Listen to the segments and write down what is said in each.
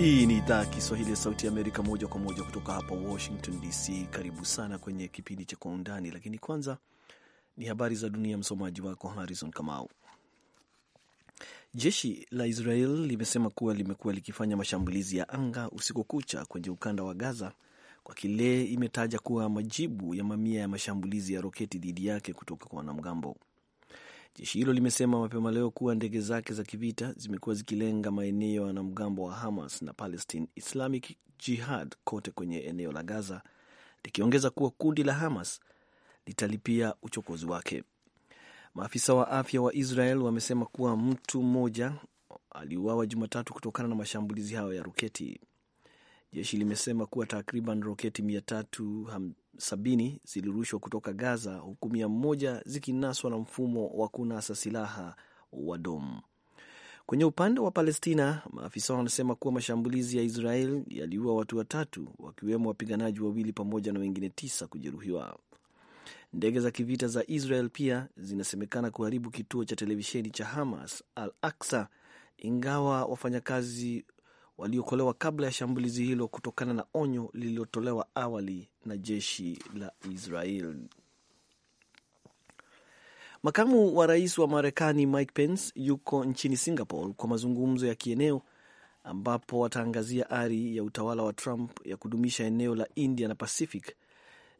Hii ni idhaa ya Kiswahili ya Sauti ya Amerika, moja kwa moja kutoka hapa Washington DC. Karibu sana kwenye kipindi cha Kwa Undani, lakini kwanza ni habari za dunia. Msomaji wako Harrison Kamau. Jeshi la Israel limesema kuwa limekuwa likifanya mashambulizi ya anga usiku kucha kwenye ukanda wa Gaza kwa kile imetaja kuwa majibu ya mamia ya mashambulizi ya roketi dhidi yake kutoka kwa wanamgambo. Jeshi hilo limesema mapema leo kuwa ndege zake za kivita zimekuwa zikilenga maeneo ya wanamgambo wa Hamas na Palestine Islamic Jihad kote kwenye eneo la Gaza, likiongeza kuwa kundi la Hamas litalipia uchokozi wake. Maafisa wa afya wa Israel wamesema kuwa mtu mmoja aliuawa Jumatatu kutokana na mashambulizi hayo ya roketi. Jeshi limesema kuwa takriban roketi 370 zilirushwa kutoka Gaza, huku mia moja zikinaswa na mfumo wa kunasa silaha wa Dom. Kwenye upande wa Palestina, maafisa wanasema kuwa mashambulizi ya Israel yaliua watu watatu, wakiwemo wapiganaji wawili pamoja na wengine tisa kujeruhiwa. Ndege za kivita za Israel pia zinasemekana kuharibu kituo cha televisheni cha Hamas Al Aksa, ingawa wafanyakazi waliokolewa kabla ya shambulizi hilo kutokana na onyo lililotolewa awali na jeshi la Israel. Makamu wa rais wa Marekani Mike Pence yuko nchini Singapore kwa mazungumzo ya kieneo ambapo wataangazia ari ya utawala wa Trump ya kudumisha eneo la India na Pacific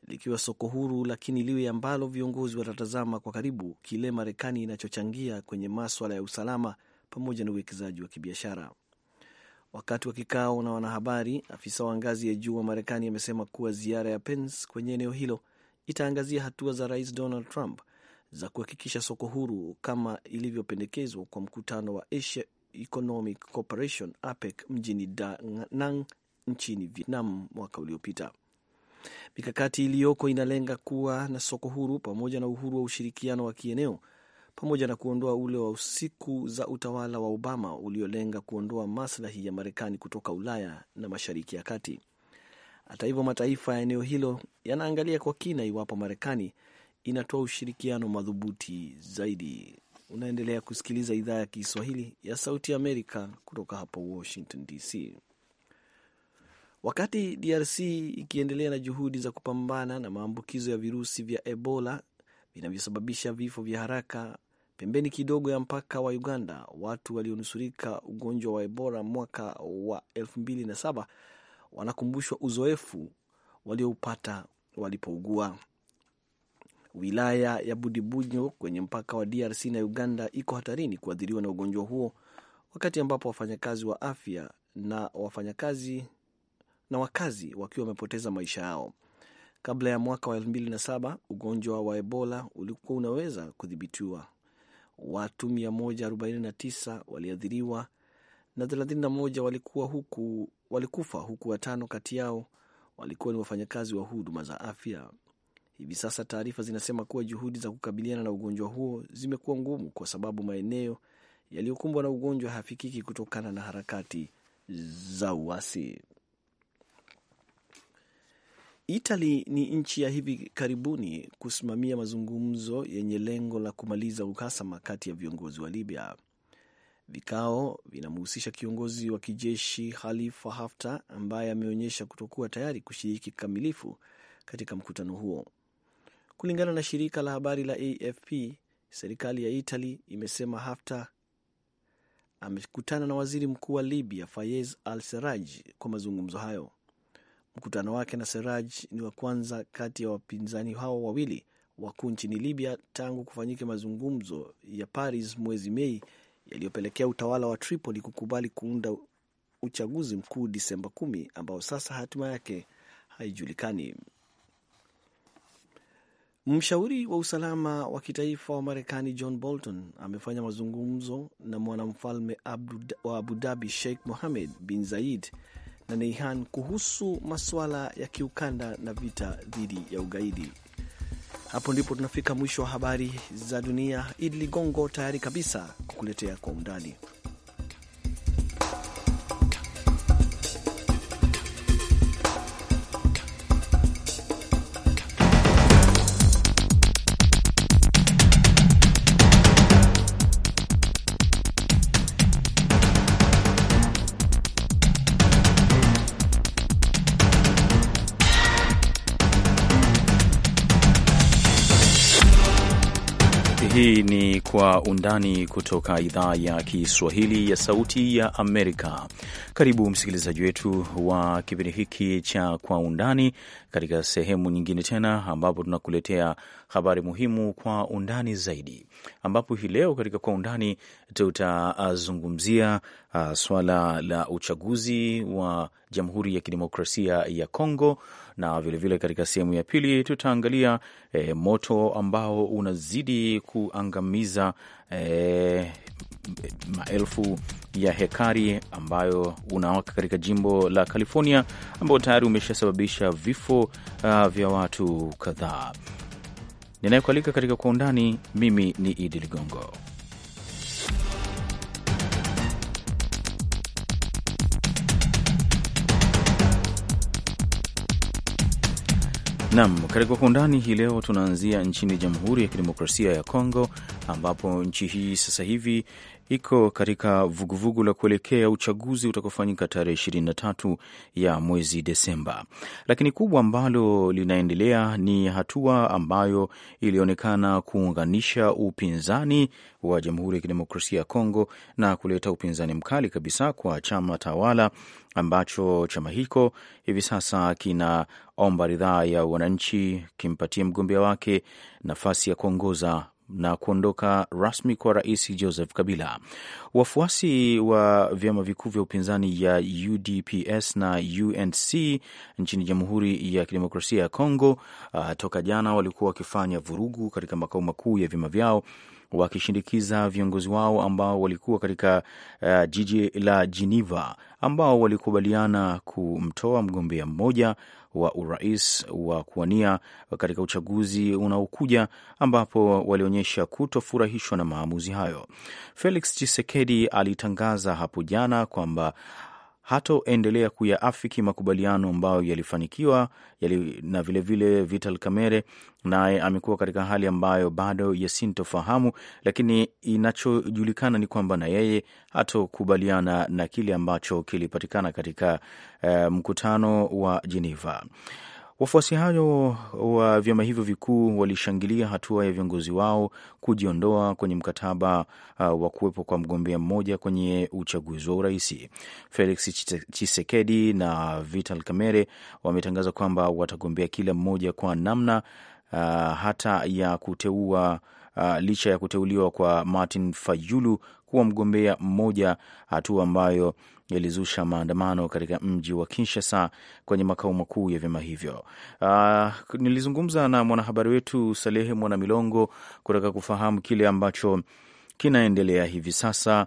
likiwa soko huru, lakini liwe ambalo viongozi watatazama kwa karibu kile Marekani inachochangia kwenye maswala ya usalama pamoja na uwekezaji wa kibiashara. Wakati wa kikao na wanahabari, afisa wa ngazi ya juu wa Marekani amesema kuwa ziara ya Pence kwenye eneo hilo itaangazia hatua za Rais Donald Trump za kuhakikisha soko huru kama ilivyopendekezwa kwa mkutano wa Asia Economic Cooperation APEC mjini Da Nang nchini Vietnam mwaka uliopita. Mikakati iliyoko inalenga kuwa na soko huru pamoja na uhuru wa ushirikiano wa kieneo pamoja na kuondoa ule wa usiku za utawala wa Obama uliolenga kuondoa maslahi ya Marekani kutoka Ulaya na Mashariki ya Kati. Hata hivyo, mataifa ya eneo hilo yanaangalia kwa kina iwapo Marekani inatoa ushirikiano madhubuti zaidi. Unaendelea kusikiliza idhaa ya Kiswahili ya Sauti Amerika kutoka hapa Washington DC. Wakati DRC ikiendelea na juhudi za kupambana na maambukizo ya virusi vya Ebola vinavyosababisha vifo vya haraka. Pembeni kidogo ya mpaka wa Uganda, watu walionusurika ugonjwa wa Ebola mwaka wa 2007 wanakumbushwa uzoefu walioupata walipougua. Wilaya ya Budibunyo kwenye mpaka wa DRC na Uganda iko hatarini kuathiriwa na ugonjwa huo, wakati ambapo wafanyakazi wa afya na wafanyakazi na wakazi wakiwa wamepoteza maisha yao. Kabla ya mwaka wa 2007 ugonjwa wa Ebola ulikuwa unaweza kudhibitiwa. Watu 149 waliathiriwa na 31 walikuwa huku, walikufa huku watano kati yao walikuwa ni wafanyakazi wa huduma za afya. Hivi sasa taarifa zinasema kuwa juhudi za kukabiliana na ugonjwa huo zimekuwa ngumu kwa sababu maeneo yaliyokumbwa na ugonjwa hafikiki kutokana na harakati za uasi itali ni nchi ya hivi karibuni kusimamia mazungumzo yenye lengo la kumaliza uhasama kati ya viongozi wa Libya. Vikao vinamhusisha kiongozi wa kijeshi Khalifa Haftar ambaye ameonyesha kutokuwa tayari kushiriki kikamilifu katika mkutano huo. Kulingana na shirika la habari la AFP, serikali ya itali imesema Haftar amekutana na waziri mkuu wa Libya Fayez al seraj kwa mazungumzo hayo. Mkutano wake na Seraj ni wa kwanza kati ya wapinzani hao wawili wakuu nchini Libya tangu kufanyika mazungumzo ya Paris mwezi Mei yaliyopelekea utawala wa Tripoli kukubali kuunda uchaguzi mkuu Disemba kumi ambao sasa hatima yake haijulikani. Mshauri wa usalama wa kitaifa wa Marekani John Bolton amefanya mazungumzo na mwanamfalme wa Abu Dhabi Sheikh Mohammed bin Zayed na Neihan kuhusu masuala ya kiukanda na vita dhidi ya ugaidi. Hapo ndipo tunafika mwisho wa habari za dunia. Idi Ligongo tayari kabisa kukuletea kwa undani. hii ni Kwa Undani kutoka idhaa ya Kiswahili ya Sauti ya Amerika. Karibu msikilizaji wetu wa kipindi hiki cha Kwa Undani katika sehemu nyingine tena, ambapo tunakuletea habari muhimu kwa undani zaidi, ambapo hii leo katika kwa undani tutazungumzia uh, swala la uchaguzi wa Jamhuri ya Kidemokrasia ya Kongo na vilevile katika sehemu ya pili tutaangalia e, moto ambao unazidi kuangamiza e, maelfu ya hekari ambayo unawaka katika jimbo la California ambao tayari umeshasababisha vifo uh, vya watu kadhaa. Ninayekualika katika kwa undani, mimi ni Idi Ligongo. Nam, katika kwa undani hii leo tunaanzia nchini Jamhuri ya Kidemokrasia ya Kongo, ambapo nchi hii sasa hivi iko katika vuguvugu la kuelekea uchaguzi utakaofanyika tarehe ishirini tatu ya mwezi Desemba. Lakini kubwa ambalo linaendelea ni hatua ambayo ilionekana kuunganisha upinzani wa Jamhuri ya Kidemokrasia ya Kongo na kuleta upinzani mkali kabisa kwa chama tawala ambacho chama hicho hivi sasa kinaomba ridhaa ya wananchi kimpatie mgombea wake nafasi ya kuongoza na kuondoka rasmi kwa Rais Joseph Kabila. Wafuasi wa vyama vikuu vya upinzani ya UDPS na UNC nchini Jamhuri ya Kidemokrasia ya Kongo uh, toka jana walikuwa wakifanya vurugu katika makao makuu ya vyama vyao wakishindikiza viongozi wao ambao walikuwa katika uh, jiji la Geneva ambao walikubaliana kumtoa mgombea mmoja wa urais wa kuwania katika uchaguzi unaokuja ambapo walionyesha kutofurahishwa na maamuzi hayo. Felix Tshisekedi alitangaza hapo jana kwamba hatoendelea kuyaafiki makubaliano ambayo yalifanikiwa yali, na vilevile vile Vital Kamerhe naye amekuwa katika hali ambayo bado yasintofahamu, lakini inachojulikana ni kwamba na yeye hatokubaliana na kile ambacho kilipatikana katika uh, mkutano wa Geneva. Wafuasi hao wa vyama hivyo vikuu walishangilia hatua ya viongozi wao kujiondoa kwenye mkataba uh, wa kuwepo kwa mgombea mmoja kwenye uchaguzi wa urais. Felix chisekedi na Vital Kamerhe wametangaza kwamba watagombea kila mmoja kwa namna uh, hata ya kuteua uh, licha ya kuteuliwa kwa Martin Fayulu kuwa mgombea mmoja, hatua ambayo yalizusha maandamano katika mji wa Kinshasa kwenye makao makuu ya vyama hivyo. Uh, nilizungumza na mwanahabari wetu Salehe Mwanamilongo kutaka kufahamu kile ambacho kinaendelea hivi sasa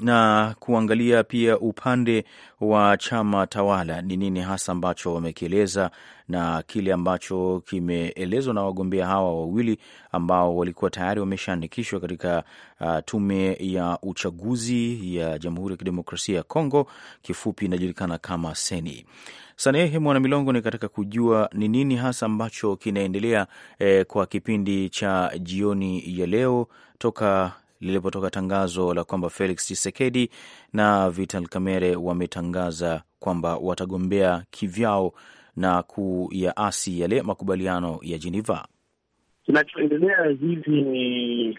na kuangalia pia upande wa chama tawala ni nini hasa ambacho wamekieleza na kile ambacho kimeelezwa na wagombea hawa wawili ambao walikuwa tayari wameshaandikishwa katika uh, tume ya uchaguzi ya Jamhuri ya Kidemokrasia ya Kongo, kifupi inajulikana kama Seni. Sanehe milongo ni katika kujua ni nini hasa ambacho kinaendelea eh, kwa kipindi cha jioni ya leo toka lilipotoka tangazo la kwamba Felix chisekedi na Vital Kamerhe wametangaza kwamba watagombea kivyao na kuyaasi yale makubaliano ya jeneva Kinachoendelea hivi ni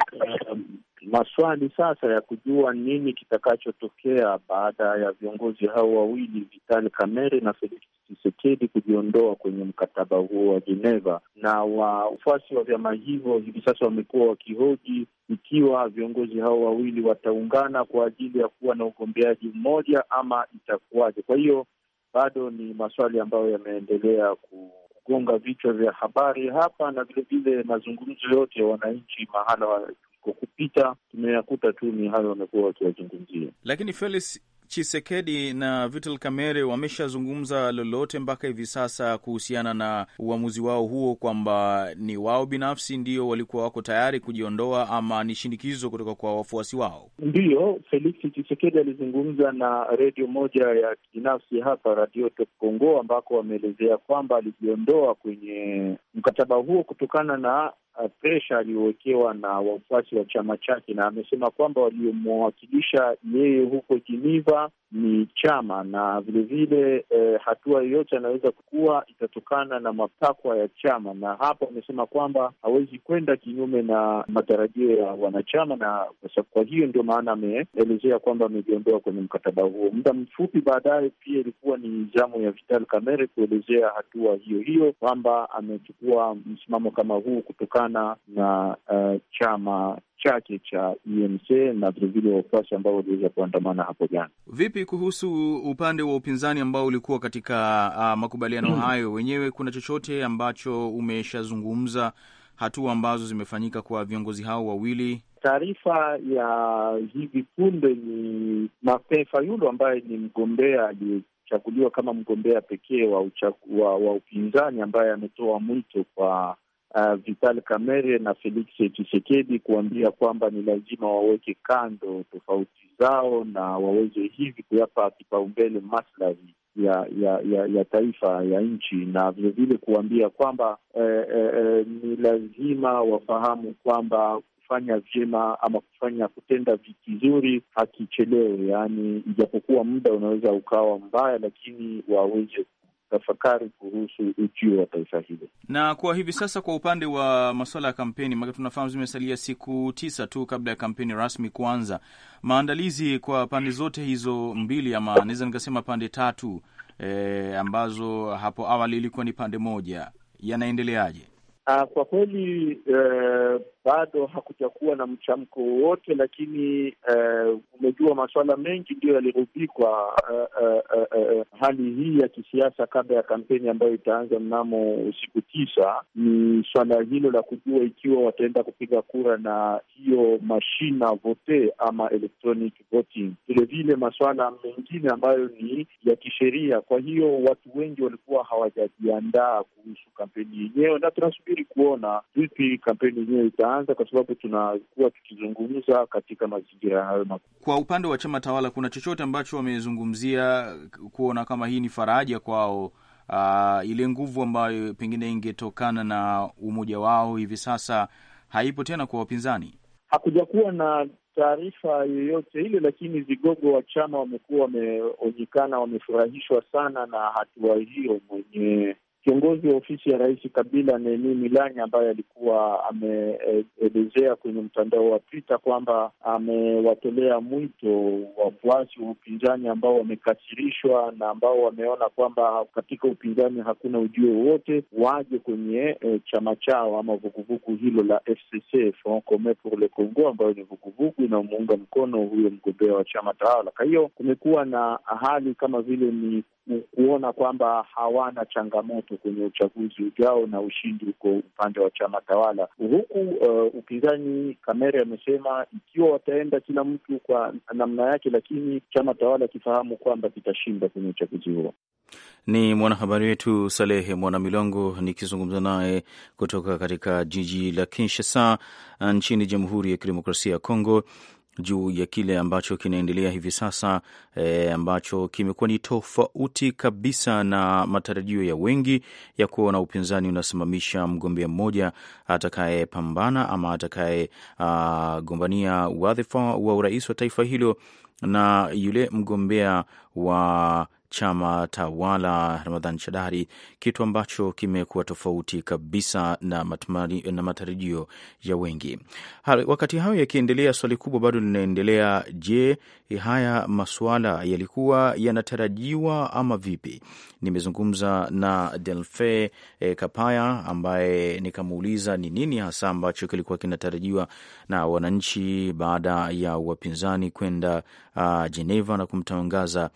um, maswali sasa ya kujua nini kitakachotokea baada ya viongozi hao wawili Vitali Kamere na Felix Tshisekedi kujiondoa kwenye mkataba huo wa Geneva, na wafuasi wa vyama hivyo hivi sasa wamekuwa wakihoji ikiwa viongozi hao wawili wataungana kwa ajili ya kuwa na ugombeaji mmoja ama itakuwaje. Kwa hiyo bado ni maswali ambayo yameendelea ku gonga vichwa vya habari hapa na vilevile mazungumzo yote ya wananchi mahala kwa kupita tumeyakuta tu ni hayo wamekuwa wakiwazungumzia. Lakini Felix Chisekedi na Vital Kamerhe wameshazungumza lolote mpaka hivi sasa kuhusiana na uamuzi wao huo, kwamba ni wao binafsi ndio walikuwa wako tayari kujiondoa ama ni shinikizo kutoka kwa wafuasi wao? Ndiyo, Felix Chisekedi alizungumza na redio moja ya binafsi hapa, Radio Top Congo, ambako wameelezea kwamba alijiondoa kwenye mkataba huo kutokana na uh, presha aliyowekewa na wafuasi wa chama chake, na amesema kwamba waliomwakilisha yeye huko jiniva ni chama na vilevile eh, hatua yoyote anaweza kuwa itatokana na matakwa ya chama, na hapo amesema kwamba hawezi kwenda kinyume na matarajio ya wanachama, na kwa hiyo ndio maana ameelezea kwamba amejiondoa kwenye mkataba huo. Muda mfupi baadaye, pia ilikuwa ni zamu ya Vital Kamerhe kuelezea hatua hiyo hiyo kwamba amechukua msimamo kama huu kutokana sana na uh, chama chake cha UMC e na vilevile wafuasi ambao waliweza kuandamana hapo jana. Vipi kuhusu upande wa upinzani ambao ulikuwa katika uh, makubaliano mm, hayo wenyewe, kuna chochote ambacho umeshazungumza hatua ambazo zimefanyika kwa viongozi hao wawili? Taarifa ya hivi punde ni Martin Fayulu ambaye ni mgombea aliyechaguliwa kama mgombea pekee wa, wa, wa upinzani ambaye ametoa mwito kwa uh, Vital Kamerhe na Felix Tshisekedi kuambia kwamba ni lazima waweke kando tofauti zao na waweze hivi kuyapa kipaumbele maslahi ya ya ya ya taifa ya nchi, na vilevile kuambia kwamba eh, eh, eh, ni lazima wafahamu kwamba kufanya vyema ama kufanya kutenda vizuri hakichelewe, yaani ijapokuwa muda unaweza ukawa mbaya, lakini waweze tafakari kuhusu ujio wa taifa hilo. Na kwa hivi sasa, kwa upande wa masuala ya kampeni, maana tunafahamu zimesalia siku tisa tu kabla ya kampeni rasmi kuanza, maandalizi kwa pande zote hizo mbili, ama naweza nikasema pande tatu, e, ambazo hapo awali ilikuwa ni pande moja, yanaendeleaje? Ah, kwa kweli eh, bado hakujakuwa na mchamko wowote, lakini uh, umejua masuala mengi ndiyo yalirubikwa uh, eh, uh, eh, uh, uh, hali hii ya kisiasa kabla ya kampeni ambayo itaanza mnamo siku tisa. Ni swala hilo la kujua ikiwa wataenda kupiga kura na hiyo mashina vote ama electronic voting, vilevile masuala mengine ambayo ni ya kisheria. Kwa hiyo watu wengi walikuwa hawajajiandaa kuhusu kampeni yenyewe, na tunasubiri kuona vipi kampeni yenyewe itaanza inaanza kwa sababu tunakuwa tukizungumza katika mazingira hayo makubwa. Kwa upande wa chama tawala, kuna chochote ambacho wamezungumzia kuona kama hii ni faraja kwao? Uh, ile nguvu ambayo pengine ingetokana na umoja wao hivi sasa haipo tena kwa wapinzani. Hakujakuwa na taarifa yoyote ile, lakini vigogo wa chama wamekuwa wameonyekana wamefurahishwa sana na hatua hiyo. Mwenye Kiongozi wa ofisi ya rais Kabila, Neli milani ambaye alikuwa ameelezea kwenye mtandao wa Twitter kwamba amewatolea mwito wafuasi wa upinzani ambao wamekasirishwa na ambao wameona kwamba katika upinzani hakuna ujio wowote, waje kwenye e, chama chao ama vuguvugu hilo la FCC, Front Commun pour le Congo, ambayo ni vuguvugu inamuunga mkono huyo mgombea wa chama tawala. Kwa hiyo kumekuwa na hali kama vile ni kuona kwamba hawana changamoto kwenye uchaguzi ujao na ushindi uko upande wa chama tawala, huku uh, upinzani Kamere amesema ikiwa wataenda kila mtu kwa namna yake, lakini chama tawala kifahamu kwamba kitashinda kwenye uchaguzi huo. Ni mwanahabari wetu Salehe Mwanamilongo nikizungumza naye kutoka katika jiji la Kinshasa uh, nchini Jamhuri ya Kidemokrasia ya Kongo juu ya kile ambacho kinaendelea hivi sasa e, ambacho kimekuwa ni tofauti kabisa na matarajio ya wengi ya kuona upinzani unasimamisha mgombea mmoja atakayepambana ama atakayegombania wadhifa wa urais wa taifa hilo na yule mgombea wa chama tawala Ramadhan Shadari, kitu ambacho kimekuwa tofauti kabisa na, na matarajio ya wengi. Hali, wakati hayo yakiendelea, swali kubwa bado linaendelea, je, haya masuala yalikuwa yanatarajiwa ama vipi? Nimezungumza na Delfe e, eh, Kapaya ambaye nikamuuliza ni nini hasa ambacho kilikuwa kinatarajiwa na wananchi baada ya wapinzani kwenda ah, Geneva na kumtangaza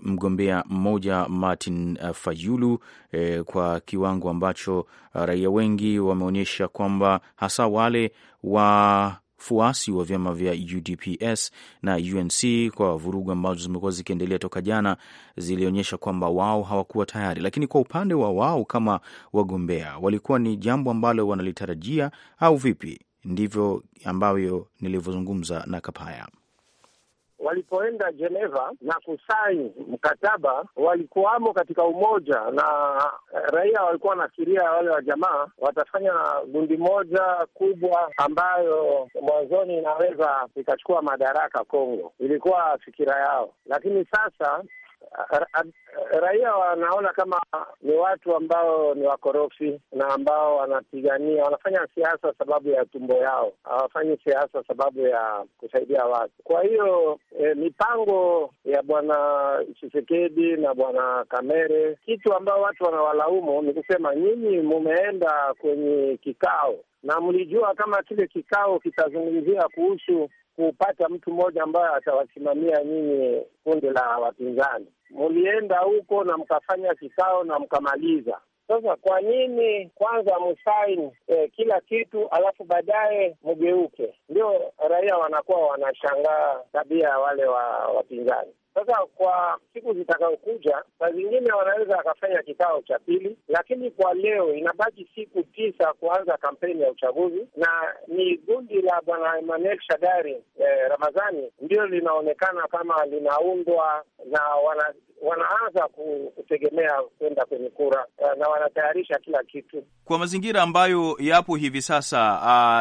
mgombea mmoja Martin eh, Fayulu e, kwa kiwango ambacho eh, raia wengi wameonyesha kwamba hasa wale wa fuasi wa vyama vya UDPS na UNC kwa vurugu ambazo zimekuwa zikiendelea toka jana, zilionyesha kwamba wao hawakuwa tayari, lakini kwa upande wa wao kama wagombea walikuwa ni jambo ambalo wanalitarajia au vipi? Ndivyo ambavyo nilivyozungumza na Kapaya walipoenda Geneva na kusaini mkataba, walikuwamo katika umoja na eh, raia walikuwa wanafikiria wale wa jamaa watafanya gundi moja kubwa ambayo mwanzoni inaweza ikachukua madaraka Kongo, ilikuwa fikira yao, lakini sasa raia wanaona kama ni watu ambao ni wakorofi na ambao wanapigania, wanafanya siasa sababu ya tumbo yao, hawafanyi siasa sababu ya kusaidia watu. Kwa hiyo e, mipango ya bwana Chisekedi na bwana Kamere, kitu ambao watu wanawalaumu ni kusema nyinyi mumeenda kwenye kikao na mlijua kama kile kikao kitazungumzia kuhusu kupata mtu mmoja ambaye atawasimamia nyinyi kundi la wapinzani. Mulienda huko na mkafanya kikao na mkamaliza. Sasa kwa nini kwanza msaini eh, kila kitu alafu baadaye mgeuke? Ndio raia wanakuwa wanashangaa tabia ya wale wa wapinzani. Sasa kwa siku zitakazokuja, saa zingine wanaweza wakafanya kikao cha pili, lakini kwa leo inabaki siku tisa kuanza kampeni ya uchaguzi, na ni gundi la bwana Emmanuel Shadari eh, Ramadhani ndio linaonekana kama linaundwa na wana wanaanza kutegemea kwenda kwenye kura eh, na wanatayarisha kila kitu kwa mazingira ambayo yapo hivi sasa.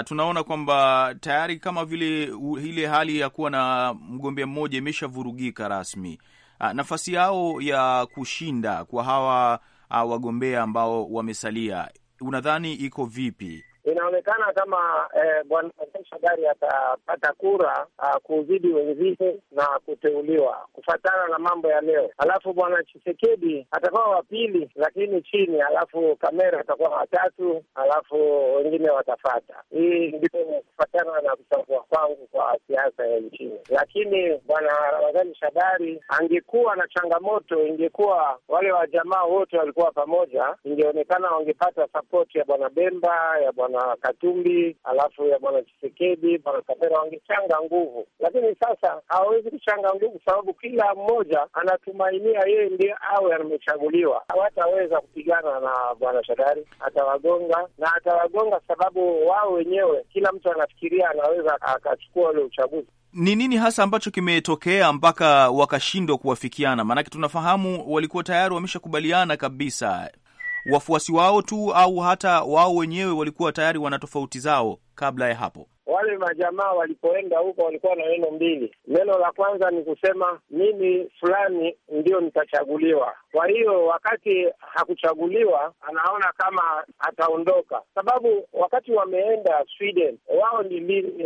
Uh, tunaona kwamba tayari kama vile ile hali ya kuwa na mgombea mmoja imeshavurugika rasmi. Ah, nafasi yao ya kushinda kwa hawa ah, wagombea ambao wamesalia unadhani iko vipi? Inaonekana kama eh, bwana Shadari atapata kura uh, kuzidi wenzie na kuteuliwa kufatana na mambo ya leo. Alafu bwana Chisekedi atakuwa wa pili, lakini chini. Alafu Kamera atakuwa watatu, alafu wengine watafata. Hii ndio kufatana na kuchagua kwangu kwa siasa ya nchini. Lakini bwana Ramadhani Shadari angekuwa na changamoto, ingekuwa wale wajamaa wote walikuwa pamoja, ingeonekana wangepata sapoti ya bwana Bemba ya bwana bwana Katumbi alafu ya bwana Chisekedi, bwana Kabera wangechanga nguvu, lakini sasa hawawezi kuchanga nguvu sababu kila mmoja anatumainia yeye ndiye awe amechaguliwa. Hawataweza kupigana na bwana Shadari, atawagonga na atawagonga, sababu wao wenyewe kila mtu anafikiria anaweza akachukua ule uchaguzi. Ni nini hasa ambacho kimetokea mpaka wakashindwa kuwafikiana? Maanake tunafahamu walikuwa tayari wameshakubaliana kabisa wafuasi wao tu au hata wao wenyewe walikuwa tayari wana tofauti zao kabla ya hapo? Wale majamaa walipoenda huko walikuwa na neno mbili. Neno la kwanza ni kusema mimi fulani ndio nitachaguliwa. Kwa hiyo wakati hakuchaguliwa, anaona kama ataondoka, sababu wakati wameenda Sweden, wao ni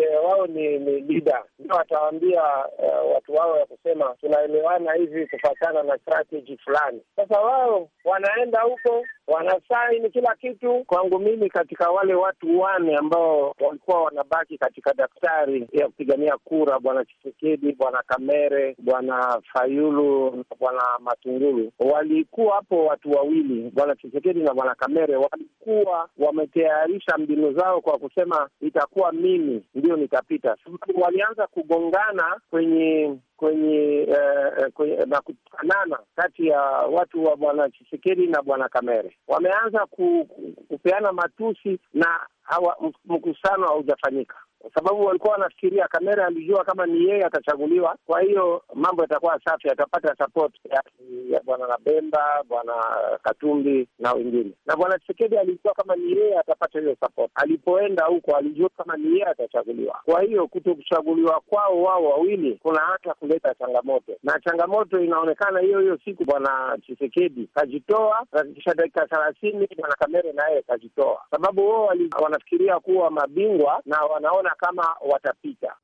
eh, wao ni, lida, ndio watawaambia uh, eh, watu wao ya kusema tunaelewana hivi kufatana na strategy fulani. Sasa wao wanaenda huko wanasaini kila kitu. Kwangu mimi, katika wale watu wane ambao walikuwa wanabaki katika daftari ya kupigania kura, bwana Chisekedi, bwana Kamere, bwana Fayulu na bwana Matungulu, walikuwa hapo watu wawili, bwana Chisekedi na bwana Kamere, walikuwa wametayarisha mbinu zao kwa kusema itakuwa mimi ndio nitapita, sababu walianza kugongana kwenye Eh, eh, kwenye, na uh, makutano kati ya watu wa bwana Chisekedi na bwana Kamere wameanza ku, kupeana matusi na hawa mkusano haujafanyika kwa sababu walikuwa wanafikiria Kamera alijua kama ni yeye atachaguliwa, kwa hiyo mambo yatakuwa safi, atapata support ya, ya bwana Nabemba, bwana Katumbi na wengine. Na bwana Chisekedi alijua kama ni yeye atapata hiyo support. Alipoenda huko alijua kama ni yeye atachaguliwa, kwa hiyo kuto kuchaguliwa kwao wao wawili kuna hata kuleta changamoto, na changamoto inaonekana hiyo hiyo siku bwana Chisekedi kajitoa, na kisha dakika thelathini bwana Kamera naye kajitoa, sababu wao wanafikiria kuwa mabingwa na wanaona kuona kama watapita.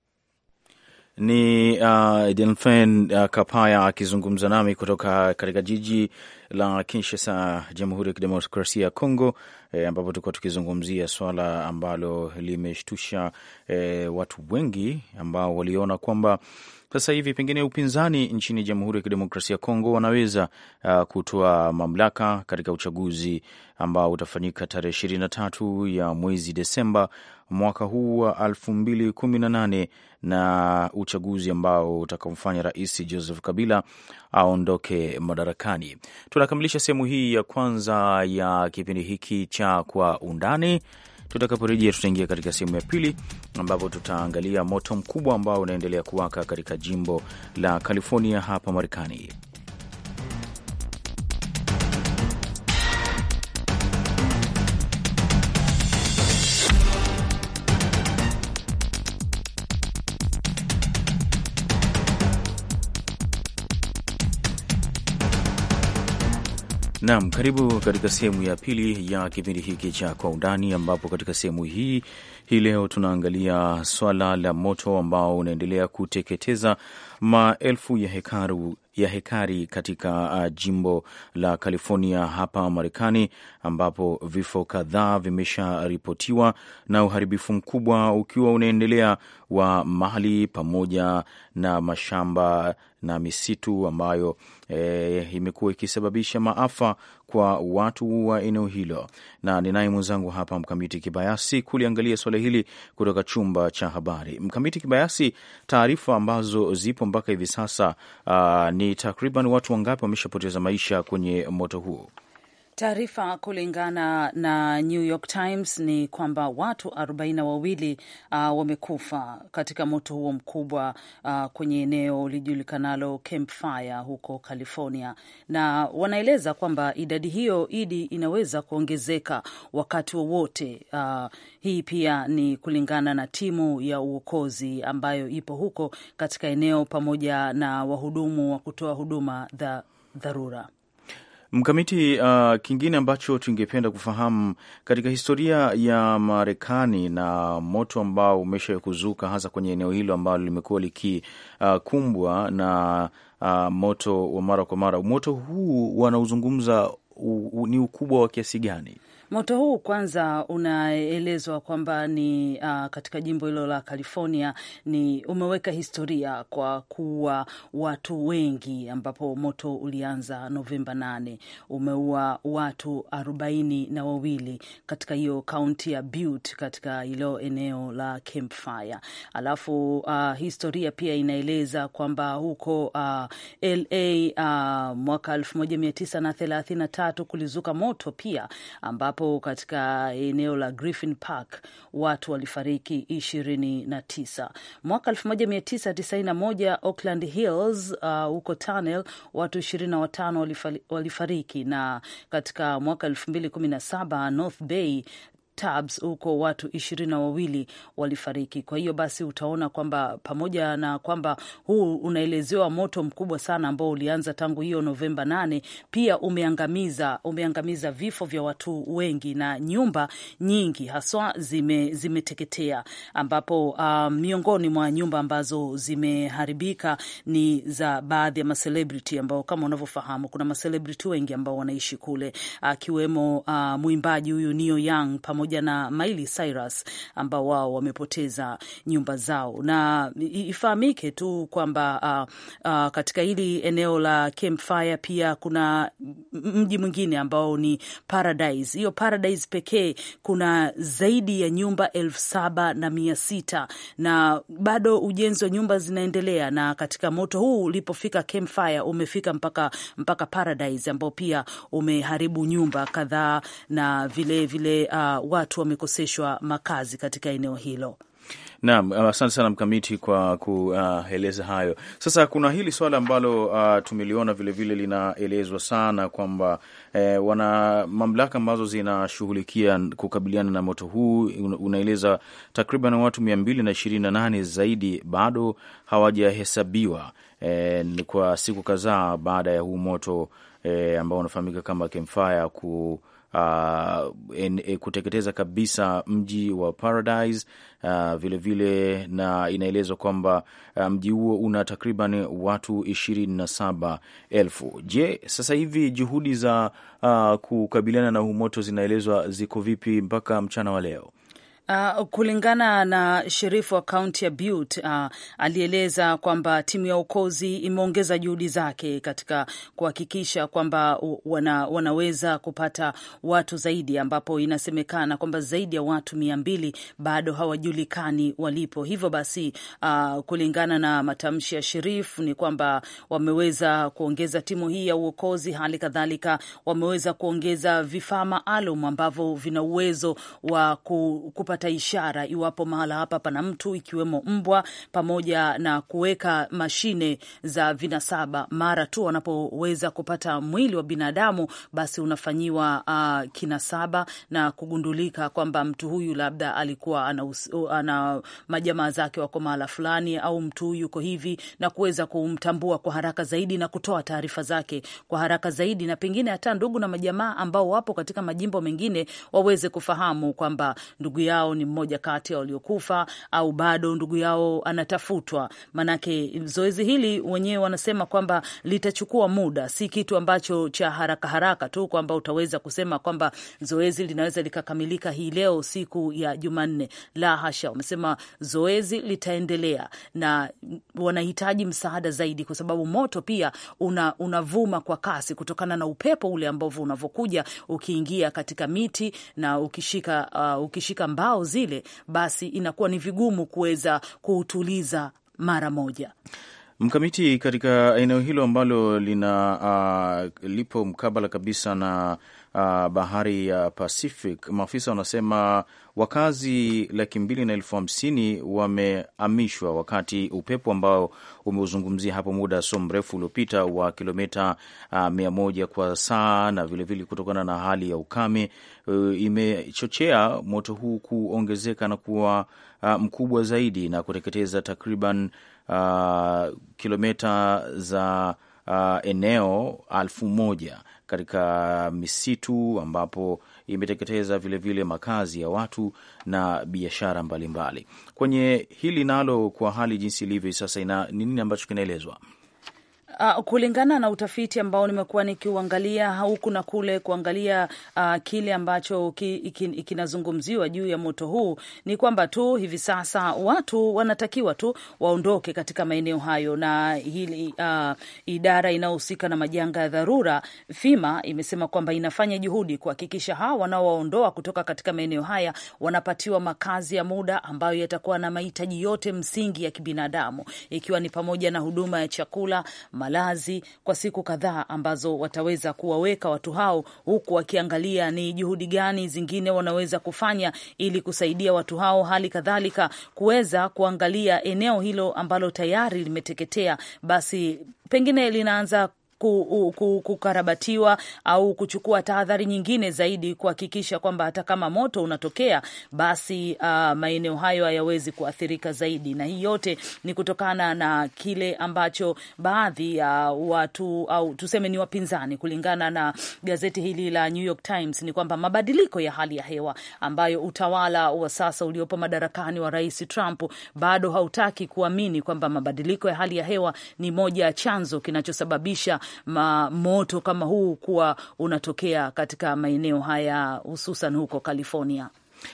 Ni uh, Delfin uh, Kapaya akizungumza nami kutoka katika jiji la Kinshasa, Jamhuri ya Kidemokrasia ya Kongo, e, ambapo tulikuwa tukizungumzia swala ambalo limeshtusha e, watu wengi ambao waliona kwamba sasa hivi pengine upinzani nchini Jamhuri ya Kidemokrasia ya Kongo wanaweza uh, kutoa mamlaka katika uchaguzi ambao utafanyika tarehe ishirini na tatu ya mwezi Desemba mwaka huu wa 2018 na uchaguzi ambao utakamfanya Rais Joseph Kabila aondoke madarakani. Tunakamilisha sehemu hii ya kwanza ya kipindi hiki cha Kwa Undani. Tutakaporejea tutaingia katika sehemu ya pili ambapo tutaangalia moto mkubwa ambao unaendelea kuwaka katika jimbo la California hapa Marekani. Naam, karibu katika sehemu ya pili ya kipindi hiki cha Kwa Undani, ambapo katika sehemu hii hii leo tunaangalia swala la moto ambao unaendelea kuteketeza maelfu ya hekaru ya hekari katika uh, jimbo la California hapa Marekani, ambapo vifo kadhaa vimesharipotiwa na uharibifu mkubwa ukiwa unaendelea wa mali pamoja na mashamba na misitu ambayo e, imekuwa ikisababisha maafa kwa watu wa eneo hilo, na ninaye mwenzangu hapa Mkamiti Kibayasi kuliangalia suala hili kutoka chumba cha habari. Mkamiti Kibayasi, taarifa ambazo zipo mpaka hivi sasa, uh, ni takriban watu wangapi wameshapoteza maisha kwenye moto huo? Taarifa kulingana na New York Times ni kwamba watu arobaini na wawili uh, wamekufa katika moto huo mkubwa uh, kwenye eneo lijulikanalo Campfire huko California, na wanaeleza kwamba idadi hiyo idi inaweza kuongezeka wakati wowote. Uh, hii pia ni kulingana na timu ya uokozi ambayo ipo huko katika eneo pamoja na wahudumu wa kutoa huduma za dharura. Mkamiti, uh, kingine ambacho tungependa kufahamu katika historia ya Marekani na moto ambao umesha kuzuka hasa kwenye eneo hilo ambalo limekuwa likikumbwa uh, na uh, moto wa mara kwa mara, moto huu wanaozungumza ni ukubwa wa kiasi gani? Moto huu kwanza unaelezwa kwamba ni uh, katika jimbo hilo la California ni umeweka historia kwa kuua watu wengi, ambapo moto ulianza Novemba nane umeua watu arobaini na wawili katika hiyo kaunti ya Butte katika hilo eneo la Campfire. Alafu uh, historia pia inaeleza kwamba huko uh, LA uh, mwaka tatu kulizuka moto pia ambapo ambapo katika eneo la Griffin Park watu walifariki ishirini na tisa. Mwaka 1991 Oakland Hills uh, huko uh, Tunnel watu ishirini na watano walifariki, na katika mwaka 2017 North Bay Tabs huko watu ishirini na wawili walifariki. Kwa hiyo basi utaona kwamba pamoja na kwamba huu unaelezewa moto mkubwa sana ambao ulianza tangu hiyo Novemba nane, pia umeangamiza umeangamiza vifo vya watu wengi na nyumba nyingi haswa zime, zimeteketea ambapo uh, miongoni mwa nyumba ambazo zimeharibika ni za baadhi ya macelebrity ambao kama unavyofahamu kuna macelebrity wengi ambao wanaishi kule akiwemo uh, uh, mwimbaji huyu Neo Young pamoja pamoja na Miley Cyrus ambao wao wamepoteza nyumba zao, na ifahamike tu kwamba uh, uh, katika hili eneo la Campfire pia kuna mji mwingine ambao ni Paradise. Hiyo Paradise pekee kuna zaidi ya nyumba elfu saba na mia sita na bado ujenzi wa nyumba zinaendelea, na katika moto huu ulipofika Campfire umefika mpaka, mpaka Paradise ambao pia umeharibu nyumba kadhaa na vilevile vile, uh, watu wamekoseshwa makazi katika eneo hilo. Naam, asante sana Mkamiti kwa kueleza uh, hayo. Sasa kuna hili swala ambalo uh, tumeliona vilevile linaelezwa sana kwamba eh, wana mamlaka ambazo zinashughulikia kukabiliana na moto huu, unaeleza takriban watu mia mbili na ishirini na nane zaidi bado hawajahesabiwa eh, kwa siku kadhaa baada ya huu moto eh, ambao unafahamika kama campfire ku uh, en, en, kuteketeza kabisa mji wa Paradise vilevile uh, vile, na inaelezwa kwamba uh, mji um, huo una takriban watu ishirini na saba elfu. Je, sasa hivi juhudi za uh, kukabiliana na huu moto zinaelezwa ziko vipi mpaka mchana wa leo? Uh, kulingana na sherifu wa kaunti ya Butte uh, alieleza kwamba timu ya uokozi imeongeza juhudi zake katika kuhakikisha kwamba wana, wanaweza kupata watu zaidi, ambapo inasemekana kwamba zaidi ya watu mia mbili bado hawajulikani walipo. Hivyo basi, uh, kulingana na matamshi ya sherifu ni kwamba wameweza kuongeza timu hii ya uokozi, hali kadhalika wameweza kuongeza vifaa maalum ambavyo vina uwezo wa kupata kupata ishara iwapo mahala hapa pana mtu, ikiwemo mbwa, pamoja na kuweka mashine za vinasaba. Mara tu wanapoweza kupata mwili wa binadamu, basi unafanyiwa uh, kinasaba na kugundulika kwamba mtu huyu labda alikuwa ana, ana majamaa zake wako mahala fulani, au mtu huyu yuko hivi, na kuweza kumtambua kwa haraka zaidi na kutoa taarifa zake kwa haraka zaidi, na pengine hata ndugu na majamaa ambao wapo katika majimbo mengine waweze kufahamu kwamba ndugu yao yao ni mmoja kati ya waliokufa au bado ndugu yao anatafutwa. Manake zoezi hili wenyewe wanasema kwamba litachukua muda, si kitu ambacho cha haraka haraka tu kwamba utaweza kusema kwamba zoezi linaweza likakamilika hii leo siku ya Jumanne. La hasha, wamesema zoezi litaendelea na wanahitaji msaada zaidi, kwa sababu moto pia una, unavuma kwa kasi kutokana na upepo ule ambavyo unavyokuja ukiingia katika miti na ukishika, uh, ukishika mbao zao zile, basi inakuwa ni vigumu kuweza kuutuliza mara moja mkamiti katika eneo hilo ambalo lina uh, lipo mkabala kabisa na uh, bahari ya Pacific. Maafisa wanasema wakazi laki mbili na elfu hamsini wamehamishwa wakati upepo ambao umeuzungumzia hapo muda so mrefu uliopita wa kilomita uh, mia moja kwa saa na vilevile, kutokana na hali ya ukame uh, imechochea moto huu kuongezeka na kuwa uh, mkubwa zaidi na kuteketeza takriban uh, kilomita za uh, eneo alfu moja katika misitu ambapo imeteketeza vilevile makazi ya watu na biashara mbalimbali. Kwenye hili nalo, kwa hali jinsi ilivyo sasa, ina ni nini ambacho kinaelezwa? Uh, kulingana na utafiti ambao nimekuwa nikiuangalia huku na kule kuangalia uh, kile ambacho kinazungumziwa juu ya moto huu ni kwamba tu hivi sasa watu wanatakiwa tu waondoke katika maeneo hayo, na hili uh, idara inayohusika na majanga ya dharura FEMA imesema kwamba inafanya juhudi kuhakikisha hawa wanaowaondoa kutoka katika maeneo haya wanapatiwa makazi ya muda ambayo yatakuwa na mahitaji yote msingi ya kibinadamu, ikiwa ni pamoja na huduma ya chakula malazi kwa siku kadhaa ambazo wataweza kuwaweka watu hao, huku wakiangalia ni juhudi gani zingine wanaweza kufanya ili kusaidia watu hao, hali kadhalika kuweza kuangalia eneo hilo ambalo tayari limeteketea, basi pengine linaanza kukarabatiwa au kuchukua tahadhari nyingine zaidi kuhakikisha kwamba hata kama moto unatokea basi uh, maeneo hayo hayawezi kuathirika zaidi. Na hii yote ni kutokana na kile ambacho baadhi ya uh, watu au tuseme ni wapinzani, kulingana na gazeti hili la New York Times, ni kwamba mabadiliko ya hali ya hewa ambayo utawala wa sasa uliopo madarakani wa Rais Trump bado hautaki kuamini kwamba mabadiliko ya hali ya hewa ni moja ya chanzo kinachosababisha ma moto kama huu kuwa unatokea katika maeneo haya hususan huko California.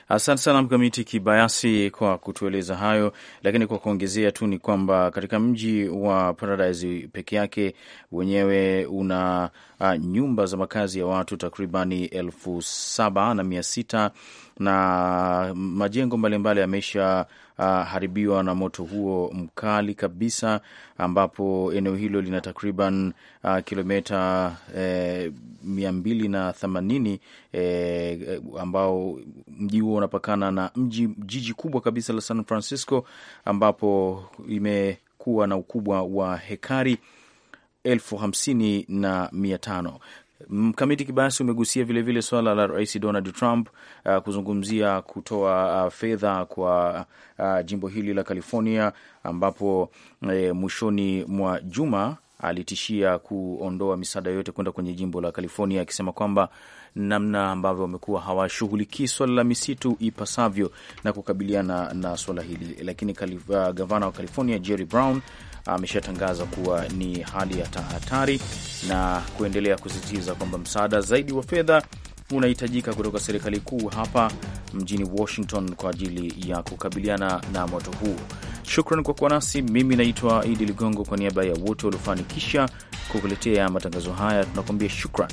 Asante sana Mkamiti Kibayasi kwa kutueleza hayo, lakini kwa kuongezea tu ni kwamba katika mji wa Paradise peke yake wenyewe una uh, nyumba za makazi ya watu takribani elfu saba na mia sita na majengo mbalimbali yamesha uh, haribiwa na moto huo mkali kabisa, ambapo eneo hilo lina takriban uh, kilometa eh, mia mbili na themanini eh, ambao mji huo unapakana na mji jiji kubwa kabisa la San Francisco ambapo imekuwa na ukubwa wa hekari elfu hamsini na mia tano. Mkamiti Kibasi, umegusia vilevile swala la Rais Donald Trump uh, kuzungumzia kutoa uh, fedha kwa uh, jimbo hili la California ambapo uh, mwishoni mwa juma alitishia kuondoa misaada yote kwenda kwenye jimbo la California akisema kwamba namna ambavyo wamekuwa hawashughulikii swala la misitu ipasavyo na kukabiliana na swala hili. Lakini uh, gavana wa California Jerry Brown ameshatangaza kuwa ni hali ya tahatari na kuendelea kusisitiza kwamba msaada zaidi wa fedha unahitajika kutoka serikali kuu hapa mjini Washington kwa ajili ya kukabiliana na moto huu. Shukran kwa kuwa nasi. Mimi naitwa Idi Ligongo, kwa niaba ya wote waliofanikisha kukuletea matangazo haya tunakuambia shukran.